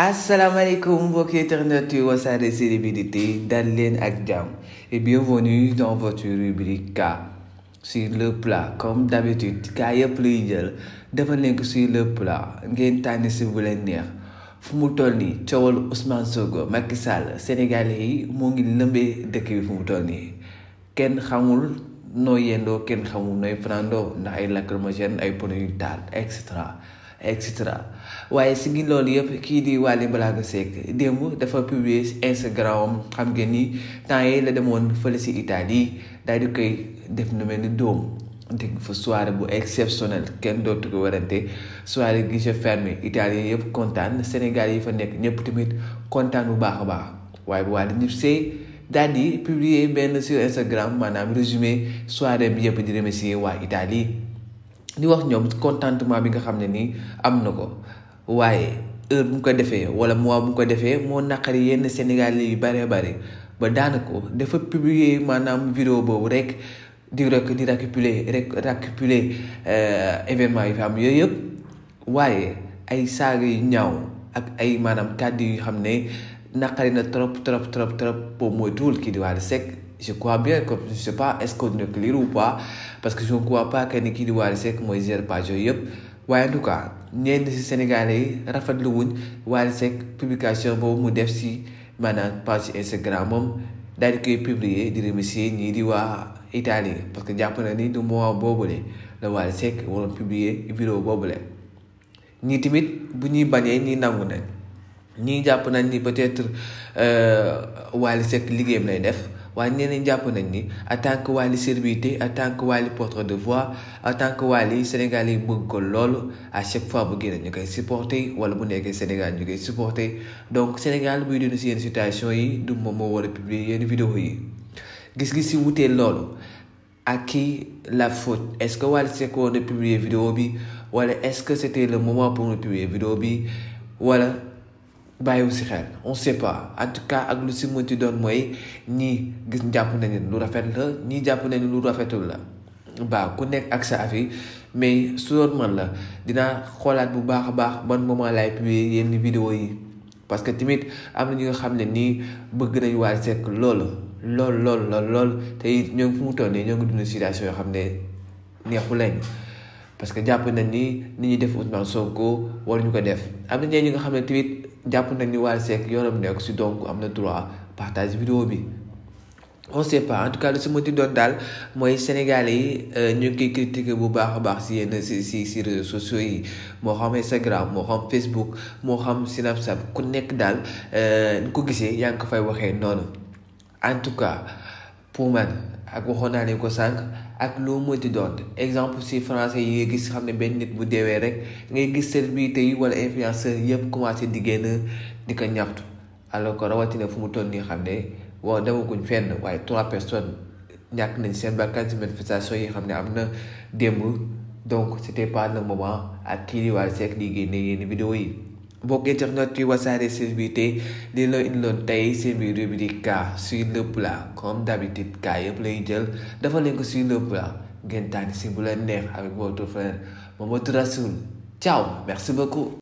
asalaamaaleykum mbokki internet yu wasaare célébrité dal leen ak jàmm et bienvenue dans votre rubrique K sur le plat comme d'habitude K yëpp luy Devant dafa nekk sur le plat ngeen tànn si bu voulez neex fu mu Ousmane Sogo »,« Macky Sénégalais yi moo ngi lëmbee dëkk bi fu mu Ken nii kenn ken noo yendoo kenn xamul nooy ay lacrymogène ay et cetera waaye si ngi loolu yëpp kii di Wally Ballago Seck démb dafa publier si Instagram xam ngeen ni temps yi la demoon fële si Italie daal di koy def na mel ni doom dégg fa soirée bu exceptionnel kenn dootu ko warante soirée guichet fermé italien yëpp kontaan Sénégal yi fa nekk ñëpp tamit kontaan bu baax a baax waaye bu Wally ñib see daal di publier benn si Instagram maanaam résumé soirée bi yëpp di si waa Italie di wax ñoom contentement bi nga xam ne nii am na ko waaye heure bu ko defee wala mois bu ko defee moo naqari yenn sénégal yu bare bare ba daanaka dafa publier maanaam vidéo boobu rek di rek di récapituler rek récapituler euh, événement yi fi am yooyu yëpp waaye ay saaga yu ñaaw ak ay maanaam kàddu yu xam ne naqari na trop trop trop trop boobu mooy tuul kii di Wally Seck je crois bien que je sais pas est-ce que nekk liir ou pas parce que je ne crois pas que ni kii di Wally Seck mooy gère page yëpp waaye en tout cas ñenn si Sénégalais yi rafetlu wuñ Wally Seck publication boobu mu def si maanaam page Instagram moom daal di koy publier di remercier ñii di waa Italie parce que jàpp na nii du moment boobule la Wally Seck waroon publier vidéo boobule. ñii tamit bu ñuy bañee ñii nangu nañ ñii jàpp nañ ni peut-être euh, Wally Seck liggéeyam lay def. waaye ñeneen jàpp nañ ni en tant que wali célébrité en tant que wali porte de voix en tant que wali Sénégalais bëgg ko à chaque fois bu génne ñu koy supporter wala bu nekké Sénégal ñu koy supporter donc Sénégal buy dund ci yenn situation yi du moom moo war a publier yenn vidéo yi gis-gis si wuté lool à qui la faute est-ce que Wally Seck woon publier vidéo bi wala est-ce que c'était le moment pour nous publier vidéo bi wala bàyyiwu si xel on sait pas en tout cas ak lu si mënti doon mooy ñii gis jàpp nañu lu rafet la ñii jàpp nañu lu rafetul la baa ku nekk ak sa affaire mais su doon man la dinaa xoolaat bu baax a baax ban moment lay publier yenn vidéo yi parce que tamit am na ñi nga xam ne nii bëgg nañu Wally Seck loolu lool lool lool lool te it ñoo ngi fu mu toll nii ñoo ngi dund situation yoo xam ne neexu lañ parce que jàpp nañ ni ni ñuy def Ousmane Sonko waruñu ko def am na ñeneen ñi nga xam ne tamit jàpp nañ ni Wally Seck yoonam nekk si donc am na droit partage vidéo bi. on sait pas en tout cas lu si mënti doon daal mooy sénégalais yi euh, ñu ngi koy critiquer bu baax a baax si yenn si si si réseaux sociaux yi moo xam Instagram moo xam Facebook moo xam Snapchat ku nekk daal ñu euh, ko gisee yaa ngi ko fay waxee noonu en tout cas pour ak waxoon ko sànq ak exemple si français yi gis xam ne benn nit bu deewee rek ngay gis célébrité yi wala influenceur yëpp commencé di génn di ko alors que rawatina fu mu toll nii xam ne waaw demaguñ fenn waaye trois personnes ñàkk nañ seen bakkan si manifestation yi xam ne donc c'était pas le moment ak kii di Wally Seck di vidéo mbokk internet yi wasaare loon seen rubrique car sur le plat comme d'habitude car yëpp lay jël dafa leen ko sur le plat ngeen si bu avec votre frère ciao merci beaucoup